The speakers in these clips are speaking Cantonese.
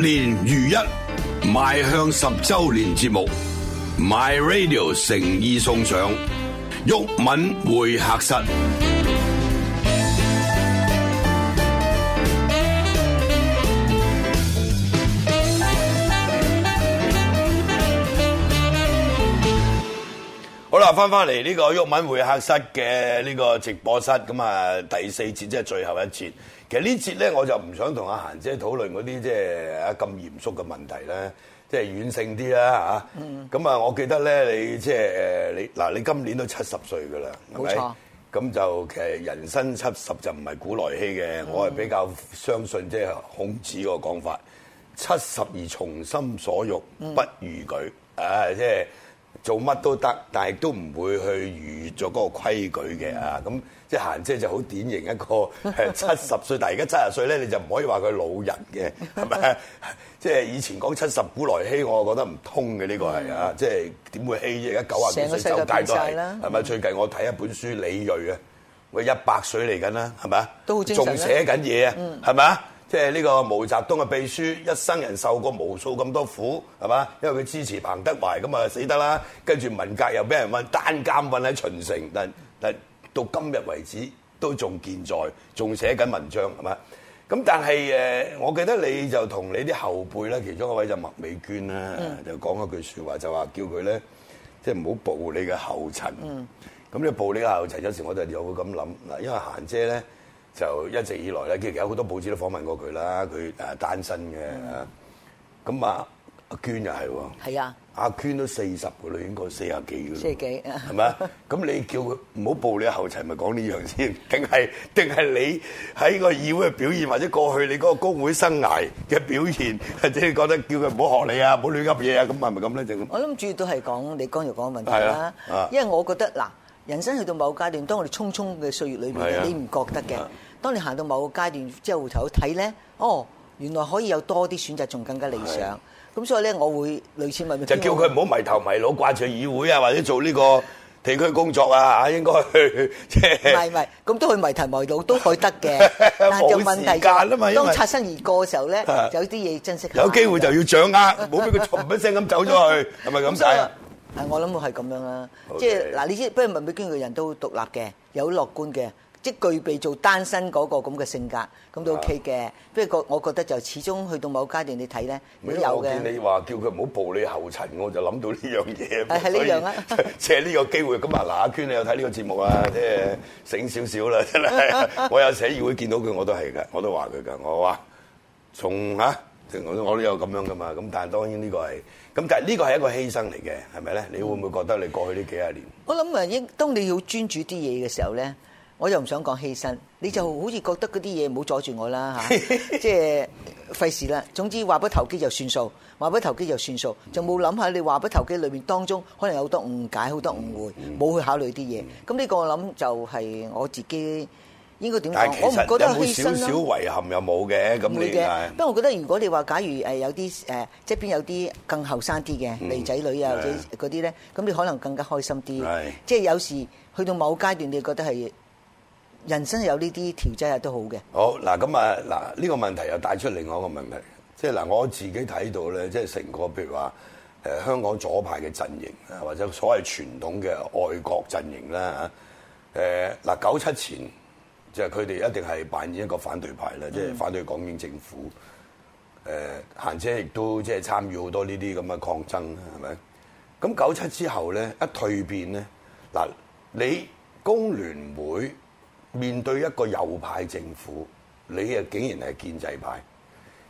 年如一，邁向十周年節目，My Radio 誠意送上毓民會客室。好啦，返返嚟呢個毓民會客室嘅呢個直播室，咁啊第四節即係最後一節。其實節呢節咧，我就唔想同阿嫻姐討論嗰啲即係咁嚴肅嘅問題咧，即係軟性啲啦咁啊，嗯、我記得咧，你即係、就是、你嗱，你今年都七十歲噶啦，係咪？咁沒錯 就其實人生七十就唔係古來稀嘅，我係比較相信即係、就是、孔子個講法：七十、嗯、而從心所欲，不逾矩、嗯、啊，即係。做乜都得，但係都唔會去逾咗嗰個規矩嘅啊！咁即係嫻姐就好、是、典型一個七十歲， 但係而家七十歲咧，你就唔可以話佢老人嘅，係咪？即係 以前講七十古來稀，我覺得唔通嘅呢、嗯、個係啊！即係點會稀啫？而家九十幾歲就解都係，係咪、嗯？最近我睇一本書李，李銳啊，喂一百歲嚟緊啦，係咪啊？都仲寫緊嘢啊，係咪啊？即係呢個毛澤東嘅秘書，一生人受過無數咁多苦，係嘛？因為佢支持彭德懷，咁啊死得啦。跟住文革又俾人韞單監韞喺秦城，但但到今日為止都仲健在，仲寫緊文章，係嘛？咁但係誒，我記得你就同你啲後輩咧，其中一位就麥美娟啦，嗯、就講一句說話，就話叫佢咧，即係唔好步你嘅後塵。咁你步你嘅後塵，有時我哋又會咁諗嗱，因為嫻姐咧。就一直以來咧，其實有好多報紙都訪問過佢啦。佢誒單身嘅，咁啊阿娟又係喎，係啊，阿娟都四十噶啦，應該四廿幾噶啦，四廿幾，係咪啊？咁你叫佢唔好步你後塵，咪講呢樣先？定係定係你喺個議會嘅表現，或者過去你嗰個工會生涯嘅表現，或者你覺得叫佢唔好學你啊，唔好亂噏嘢啊，咁係咪咁咧？就我諗主要都係講你剛才講嘅問題啦，是啊、因為我覺得嗱。啊人生去到某階段，當我哋匆匆嘅歲月裏面，你唔覺得嘅；當你行到某個階段，之後回頭睇咧，哦，原來可以有多啲選擇，仲更加理想。咁是、啊、所以咧，我會類似問就叫佢唔好迷頭迷腦，掛住議會啊，或者做呢個地區工作啊，應該去唔係唔係，咁都去迷頭迷腦都可以得嘅。的 但係就問題當擦身而過嘅時候咧， 有啲嘢珍惜。有機會就要掌握，唔好俾佢從一聲咁走咗去，係咪咁解？係，嗯、我諗會係咁樣啦。Okay 即係嗱，你知，不如文美娟嘅人都獨立嘅，有樂觀嘅，即係具備做單身嗰，那個咁嘅性格，咁都 OK 嘅。不過覺，我覺得就始終去到某階段，你睇咧如果有嘅。你話，嗯、叫佢唔好步你後塵，我就諗到呢樣嘢。係係呢樣啊，借呢個機會咁啊，嗱阿娟你有睇呢個節目 啊，即係醒少少啦，真係。我有社議會見到佢，我都係嘅，我都話佢㗎，我話從嚇。啊我我都有咁樣噶嘛，咁但係當然呢個係，咁但係呢個係一個犧牲嚟嘅，係咪咧？你會唔會覺得你過去呢幾十年？我諗啊，當你要專注啲嘢嘅時候咧，我又唔想講犧牲，你就好似覺得嗰啲嘢唔好阻住我啦嚇，即係費事啦。總之話不投機就算數，話不投機就算數，就冇諗下你話不投機裏面當中可能有好多誤解、好多誤會，冇去考慮啲嘢。咁呢個我諗就係我自己。應該點講？有冇，我唔覺得有少少遺憾又冇嘅咁嘅。不過我覺得如果你話假如誒有啲誒即係邊有啲更後生啲嘅女仔女啊，或者嗰啲咧，咁的你可能更加開心啲。是的即係有時去到某階段，你覺得係人生有呢啲調劑下都好嘅。好嗱，咁啊嗱，呢個問題又帶出另外一個問題，即係嗱，我自己睇到咧，即係成個譬如話誒、呃、香港左派嘅陣營啊，或者所謂傳統嘅愛國陣營啦嚇誒嗱，九七前。就係佢哋一定係扮演一個反對派啦，即係反對港英政府。誒，嗯、嫻姐亦都即係參與好多呢啲咁嘅抗爭，係咪？咁九七之後咧，一蛻變咧，嗱，你工聯會面對一個右派政府，你啊竟然係建制派，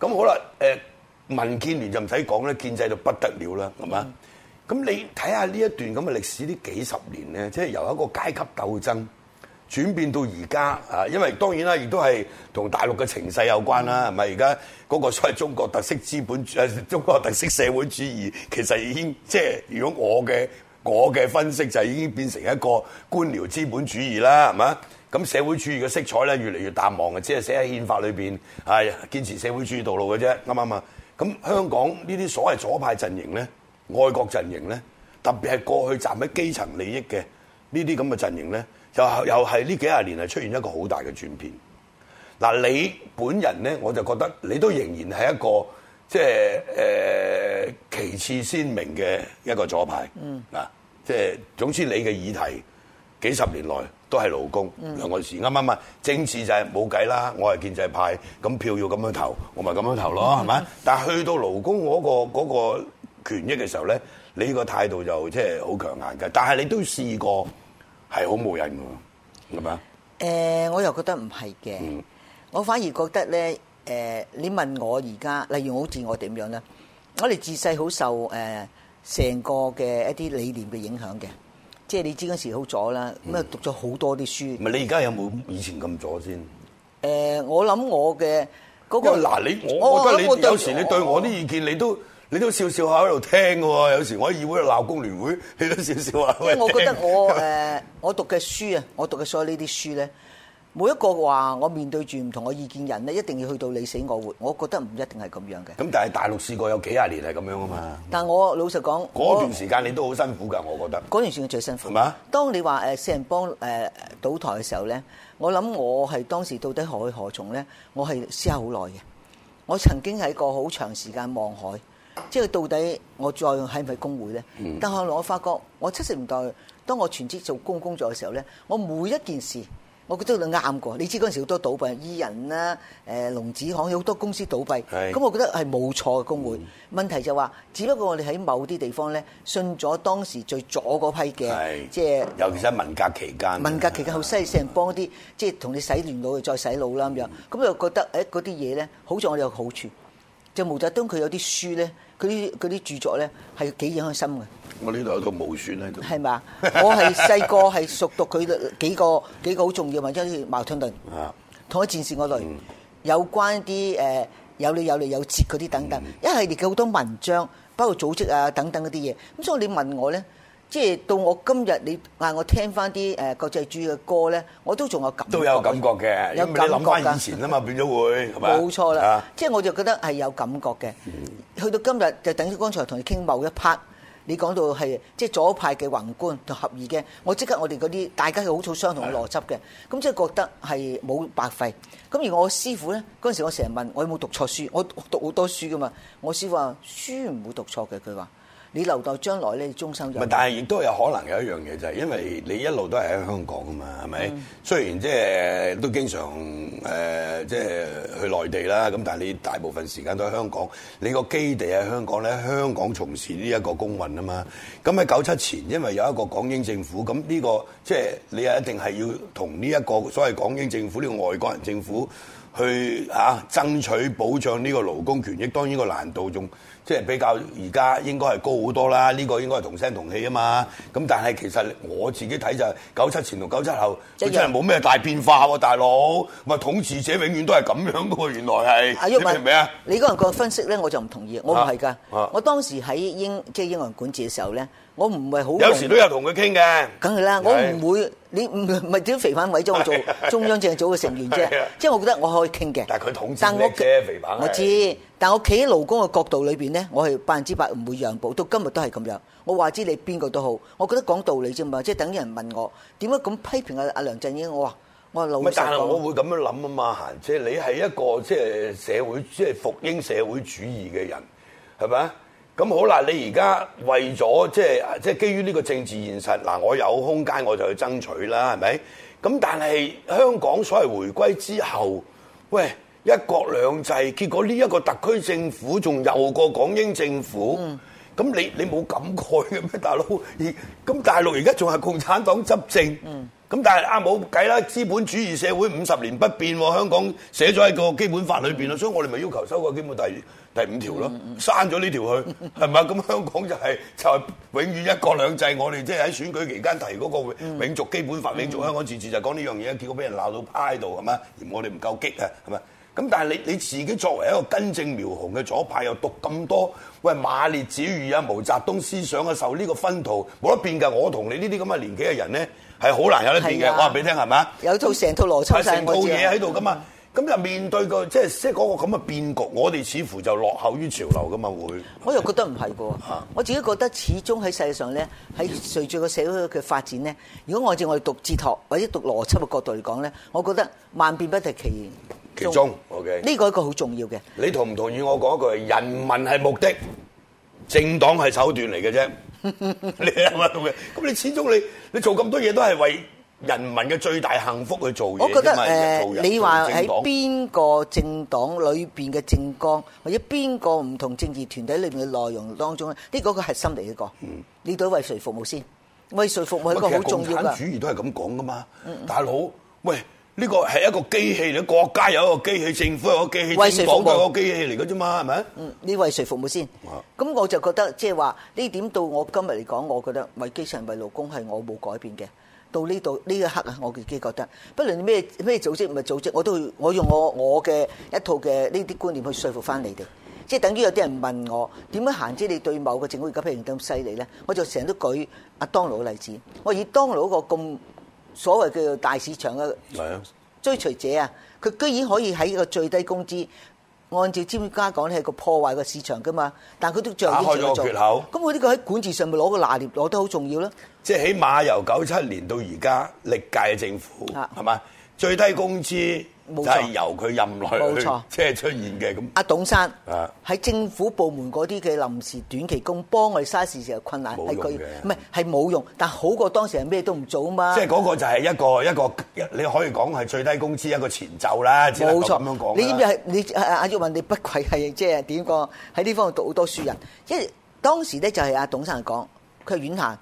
咁好啦。誒，民建聯就唔使講啦，建制到不得了啦，係咪啊？咁你睇下呢一段咁嘅歷史，呢幾十年咧，即係由一個階級鬥爭，轉變到而家啊，因為當然啦，亦都係同大陸嘅情勢有關啦，係咪？而家嗰個所謂中國特色資本誒，中國特色社會主義其實已經，即係如果我嘅我嘅分析就已經變成一個官僚資本主義啦，係嘛？咁社會主義嘅色彩咧，越嚟越淡忘嘅，只係寫喺憲法裏邊係堅持社會主義道路嘅啫，啱唔啱？咁香港呢啲所謂左派陣營咧、愛國陣營咧，特別係過去站喺基層利益嘅呢啲咁嘅陣營咧。就又係呢幾十年，係出現一個好大嘅轉變。嗱，你本人咧，我就覺得你都仍然係一個即係誒、呃、其次鮮明嘅一個左派。嗯，嗱，即係總之你嘅議題幾十年來都係勞工、嗯、兩個字。啱唔啱？政治就係冇計啦，我係建制派，咁票要咁樣投，我咪咁樣投咯，係咪、嗯？但係去到勞工嗰個嗰個權益嘅時候咧，你個態度就即係好強硬嘅。但係你都試過。係好無癮喎，係咪啊？誒，我又覺得唔係嘅，我反而覺得咧，誒，你問我而家，例如好似我點樣咧，我哋自細好受誒，成個嘅一啲理念嘅影響嘅，即係你知嗰時好左啦，咁啊讀咗好多啲書。唔係你而家有冇以前咁左先？誒，我諗我嘅嗰個嗱，你我我覺得你有時你對我啲意見你都。你都笑笑下喺度聽嘅喎，有時我喺議會度鬧工聯會，你都笑笑下喺度聽，即係我覺得我誒， 我讀嘅書啊，我讀嘅所有呢啲書咧，每一個話我面對住唔同嘅意見人咧，一定要去到你死我活，我覺得唔一定係咁樣嘅。咁但係大陸試過有幾廿年係咁樣啊嘛。嗯嗯、但係我老實講，嗰段時間你都好辛苦㗎，我覺得嗰段時間最辛苦。係嘛吧？當你話誒四人幫誒、呃、倒台嘅時候咧，我諗我係當時到底何去何從咧，我係思考好耐嘅。我曾經喺個好長時間望海。即係到底我再係唔係工會咧？但後來我發覺，我七十年代當我全職做工工作嘅時候咧，我每一件事我覺得都啱過。你知嗰陣時好多倒閉，意人啦、誒龍子行，有好多公司倒閉。咁我覺得係冇錯嘅工會。問題就話，只不過我哋喺某啲地方咧，信咗當時最左嗰批嘅，即係尤其是喺文革期間。文革期間好犀利，成幫啲即係同你洗亂腦，再洗腦啦咁樣。咁又覺得誒嗰啲嘢咧，好似我哋有好處。就毛澤東佢有啲書咧，佢啲佢啲著作咧係幾影響心嘅。我呢度有個毛選喺度。係嘛？我係細個係熟讀佢幾個幾個好重要文章，例如《矛盾論》啊，《同啲戰士過來》有關啲誒有理有利有節嗰啲等等，一系列嘅好多文章，包括組織啊等等嗰啲嘢。咁所以你問我咧？即係到我今日，你嗌我聽翻啲誒國際主義嘅歌咧，我都仲有感覺。都有感覺嘅，有感覺嘅。因為你諗翻以前啊嘛， 變咗會係嘛？冇錯啦。啊、即係我就覺得係有感覺嘅。去到今日就等於剛才同你傾某一 part，你講到係即係左派嘅宏觀同合意嘅，我即刻我哋嗰啲大家係好操相同嘅邏輯嘅，咁是的 即係覺得係冇白費。咁而我師傅咧，嗰陣時我成日問我有冇讀錯書，我讀好多書噶嘛，我師傅話書唔會讀錯嘅，佢話。你留到將來咧，終生用。但係亦都有可能有一樣嘢就係、是，因為你一路都係喺香港噶嘛，係咪？嗯、雖然即、就、係、是、都經常誒，即、呃就是、去內地啦，咁但係你大部分時間都喺香港。你個基地喺香港咧，香港從事呢一個工運啊嘛。咁喺九七前，因為有一個港英政府，咁呢、這個即係、就是、你又一定係要同呢一個所謂港英政府呢、這個外國人政府去嚇、啊、爭取保障呢個勞工權益。當然這個難度仲。即係比較而家應該係高好多啦，呢、這個應該係同聲同氣啊嘛。咁但係其實我自己睇就係九七前同九七後，就真係冇咩大變化喎、啊，大佬。咪統治者永遠都係咁樣噶、啊、喎，原來係。阿毓玉咪？你嗰個人分析咧，我就唔同意，我唔係噶。啊啊、我當時喺英即係、就是、英國管治嘅時候咧，我唔係好。有時都有同佢傾嘅。梗係啦，我唔會的你唔係點肥彭委咗我做中央政組嘅成員啫。即係我覺得我可以傾嘅。但係佢統治嘅我肥我知。但係我企喺勞工嘅角度裏邊咧，我係百分之百唔會讓步，到今日都係咁樣。我話知你邊個都好，我覺得講道理啫嘛。即係等於人問我點解咁批評阿阿梁振英，我話我係老實講但係我會咁樣諗啊嘛，即係你係一個即係社會即係復興社會主義嘅人，係咪啊？咁好啦，你而家為咗即係即係基於呢個政治現實，嗱，我有空間我就去爭取啦，係咪？咁但係香港所謂回歸之後，喂。一國兩制，結果呢一個特區政府仲弱過港英政府，咁、嗯、你你冇感慨嘅咩，大佬？而咁大陸而家仲係共產黨執政，咁、嗯、但係啊冇計啦，資本主義社會五十年不變喎，香港寫咗喺個基本法裏面。啦、嗯，所以我哋咪要求修改基本第第五條咯，刪咗呢條去，係咪、嗯？咁香港就係、是、就係、是、永遠一國兩制，我哋即係喺選舉期間提嗰個永，、嗯、永續基本法、永續香港自治，就講呢樣嘢，結果俾人鬧到派度係咪？而我哋唔夠激啊係咪？咁但係你你自己作為一個根正苗紅嘅左派，又讀咁多喂馬列主義啊、毛澤東思想啊，受呢個薰陶冇得變㗎。我同你呢啲咁嘅年紀嘅人咧，係好難有得變嘅。的我話俾你聽係咪啊？有套成套邏輯曬，成套嘢喺度㗎嘛？咁又面對個即係即係嗰個咁嘅變局，我哋似乎就落後於潮流㗎嘛。會我又覺得唔係喎。的我自己覺得始終喺世界上咧，喺隨住個社會嘅發展咧，如果按照我哋讀哲學或者讀邏輯嘅角度嚟講咧，我覺得萬變不離其然。其中，OK，呢個一個好重要嘅。你同唔同意我講一句：人民係目的，政黨係手段嚟嘅啫。你唔係同意？咁你始終你你做咁多嘢都係為人民嘅最大幸福去做嘢。我覺得誒，你話喺邊個政黨裏邊嘅政綱，或者邊個唔同政治團體裏邊嘅內容當中咧？呢個個核心嚟嘅個。嗯。你到為誰服務先？為誰服務係一個好重要噶。其實共產主義都係咁講噶嘛。嗯嗯。大佬，喂。呢個係一個機器，你國家有一個機器，政府有一個機器，為誰服務？係個機器嚟嘅啫嘛，係咪？嗯，你為誰服務先？咁我就覺得，即係話呢點到我今日嚟講，我覺得為機場為勞工係我冇改變嘅。到呢度呢一刻啊，我自己覺得，不論你咩咩組織唔係組織，我都會我用我我嘅一套嘅呢啲觀念去説服翻你哋。即係等於有啲人問我點樣行之？你對某個政府而家表現咁犀利咧，我就成日都舉阿當勞嘅例子。我以當勞個咁。所謂叫做大市場嘅追隨者啊，佢是的 居然可以喺個最低工資，按照專家講咧係個破壞個市場嘅嘛，但係佢都著開咗個缺口。咁佢呢個喺管治上面攞個拿捏，攞得好重要咯。即係起碼由九七年到而家歷屆政府，係嘛是的 最低工資。就係由佢任內即係出現嘅咁。阿錯董生，喺、啊、政府部門嗰啲嘅臨時短期工幫我哋嘥時時困難，係佢，唔係冇用，但好過當時係咩都唔做啊嘛。即係嗰個就係一個、嗯、一個你可以講係最低工資一個前奏啦。冇錯咁樣講你知唔知你阿阿阿文？你不愧係即係點講？喺、就、呢、是、方面讀好多書人，嗯、因為當時咧就係阿董生講，佢係遠行。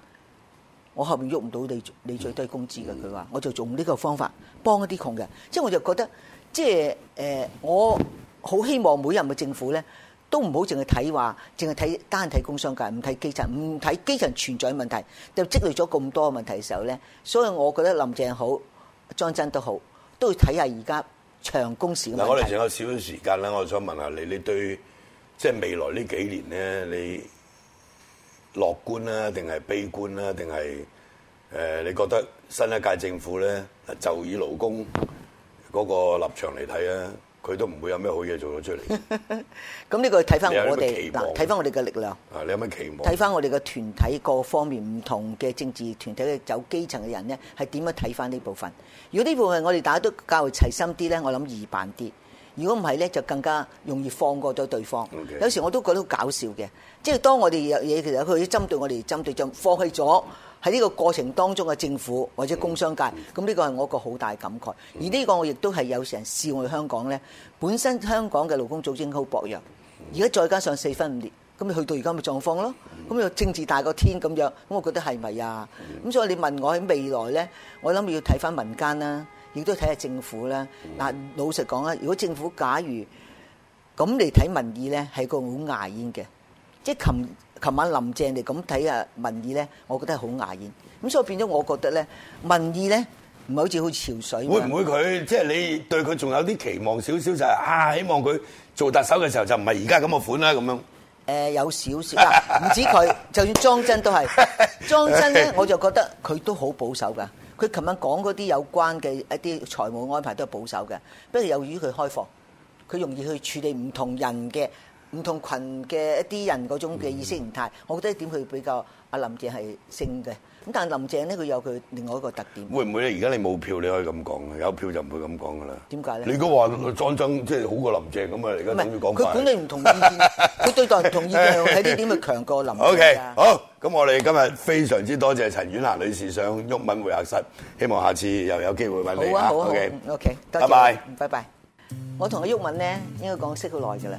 我後面喐唔到你，你最低工資嘅佢話，我就用呢個方法幫一啲窮嘅，即係我就覺得，即係誒、呃，我好希望每一任嘅政府咧，都唔好淨係睇話，淨係睇單體工商界，唔睇基層，唔睇基層存在問題，就積累咗咁多嘅問題嘅時候咧，所以我覺得林鄭好，莊真都好，都要睇下而家長工時。嗱，我哋仲有少少時間咧，我想問下你，你對即係未來呢幾年咧，你？樂觀啦，定係悲觀啦，定係誒？你覺得新一屆政府咧，就以勞工嗰個立場嚟睇啊，佢都唔會有咩好嘢做到出嚟。咁呢、 個睇翻我哋睇翻我哋嘅力量。啊，你有咩期望？睇翻我哋嘅團體，各方面唔同嘅政治團體嘅走基層嘅人咧，係點樣睇翻呢部分？如果呢部分我哋大家都較齊心啲咧，我諗易辦啲。如果唔係咧，就更加容易放過咗對方。Okay. 有時我都覺得好搞笑嘅，即係當我哋有嘢，其實佢要針對我哋針對，就放棄咗喺呢個過程當中嘅政府或者工商界。咁呢個係我個好大感慨。而呢個我亦都係有時人笑我哋香港咧，本身香港嘅勞工組織好薄弱，而家再加上四分五裂，咁你去到而家嘅狀況咯。咁又政治大過天咁樣，咁我覺得係咪啊？咁所以你問我喺未來咧，我諗要睇翻民間啦。亦都睇下政府啦。嗱，老實講啊，如果政府假如咁嚟睇民意咧，係個好牙煙嘅。即係琴琴晚林鄭嚟咁睇下民意咧，我覺得係好牙煙。咁所以變咗，我覺得咧，民意咧，唔係好似好似潮水。會唔會佢即係你對佢仲有啲期望少少就係啊？希望佢做特首嘅時候就唔係而家咁嘅款啦咁樣。誒，有少少，唔止佢，就算裝真都係裝真咧，我就覺得佢都好保守㗎。佢琴晚講嗰啲有關嘅一啲財務安排都係保守嘅，不過由於佢開放，佢容易去處理唔同人嘅、唔同群嘅一啲人嗰種嘅意識形態，我覺得呢點佢比較阿林鄭係勝嘅。咁但係林鄭咧，佢有佢另外一個特點。會唔會咧？而家你冇票，你可以咁講；有票就唔會咁講噶啦。點解咧？你都話莊憎即係好過林鄭咁啊？唔係佢本來唔同意見，佢對待唔同意喺啲點係強過林鄭。O K，好咁，我哋今日非常之多謝陳婉嫻女士上毓民會客室，希望下次又有機會揾你啊。好啊，好好。O K，O K，拜拜，拜拜。我同阿毓民咧應該講識好耐噶啦，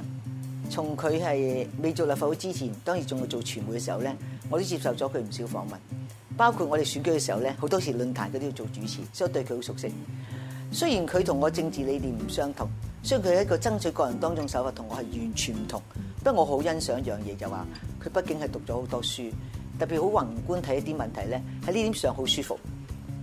從佢係未做立法會之前，當時仲係做傳媒嘅時候咧，我都接受咗佢唔少訪問。包括我哋選舉嘅時候咧，好多時論壇佢都要做主持，所以我對佢好熟悉。雖然佢同我政治理念唔相同，雖然佢一個爭取個人當中的手法同我係完全唔同，不過我好欣賞一樣嘢就話，佢畢竟係讀咗好多書，特別好宏觀睇一啲問題咧，喺呢點上好舒服。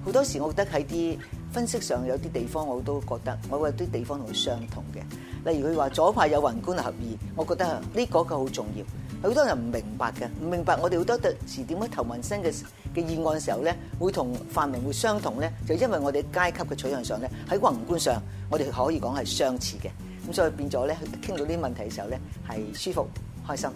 好多時我覺得喺啲分析上有啲地方我都覺得，我覺得啲地方同佢相同嘅。例如佢話左派有宏觀合意，我覺得呢個個好重要。好多人唔明白嘅，唔明白我哋好多時點樣投民生嘅嘅議案嘅時候咧，會同泛民會相同咧，就因為我哋階級嘅取向上咧，喺宏觀上，我哋可以講係相似嘅。咁所以變咗咧，傾到呢啲問題嘅時候咧，係舒服開心。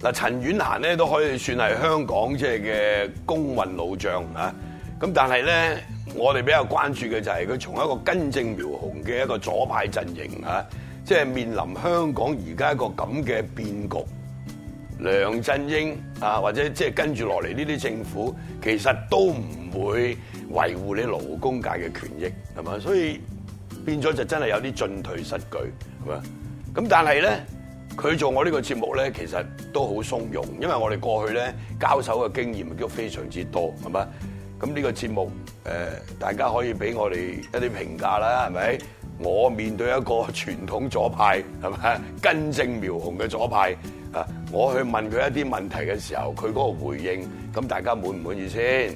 嗱，陳婉嫻咧都可以算係香港即係嘅公運老將嚇。咁但係咧，我哋比較關注嘅就係佢從一個根正苗紅嘅一個左派陣營嚇，即係面臨香港而家一個咁嘅變局。梁振英啊，或者即係跟住落嚟呢啲政府，其實都唔會維護你勞工界嘅權益，係嘛？所以變咗就真係有啲進退失據，係嘛？咁但係咧，佢做我呢個節目咧，其實都好從容，因為我哋過去咧交手嘅經驗亦都非常之多，係嘛？咁呢個節目誒，大家可以俾我哋一啲評價啦，係咪？我面對一個傳統左派，係咪？根正苗紅嘅左派。啊！我去問佢一啲問題嘅時候，佢嗰個回應，咁大家滿唔滿意先？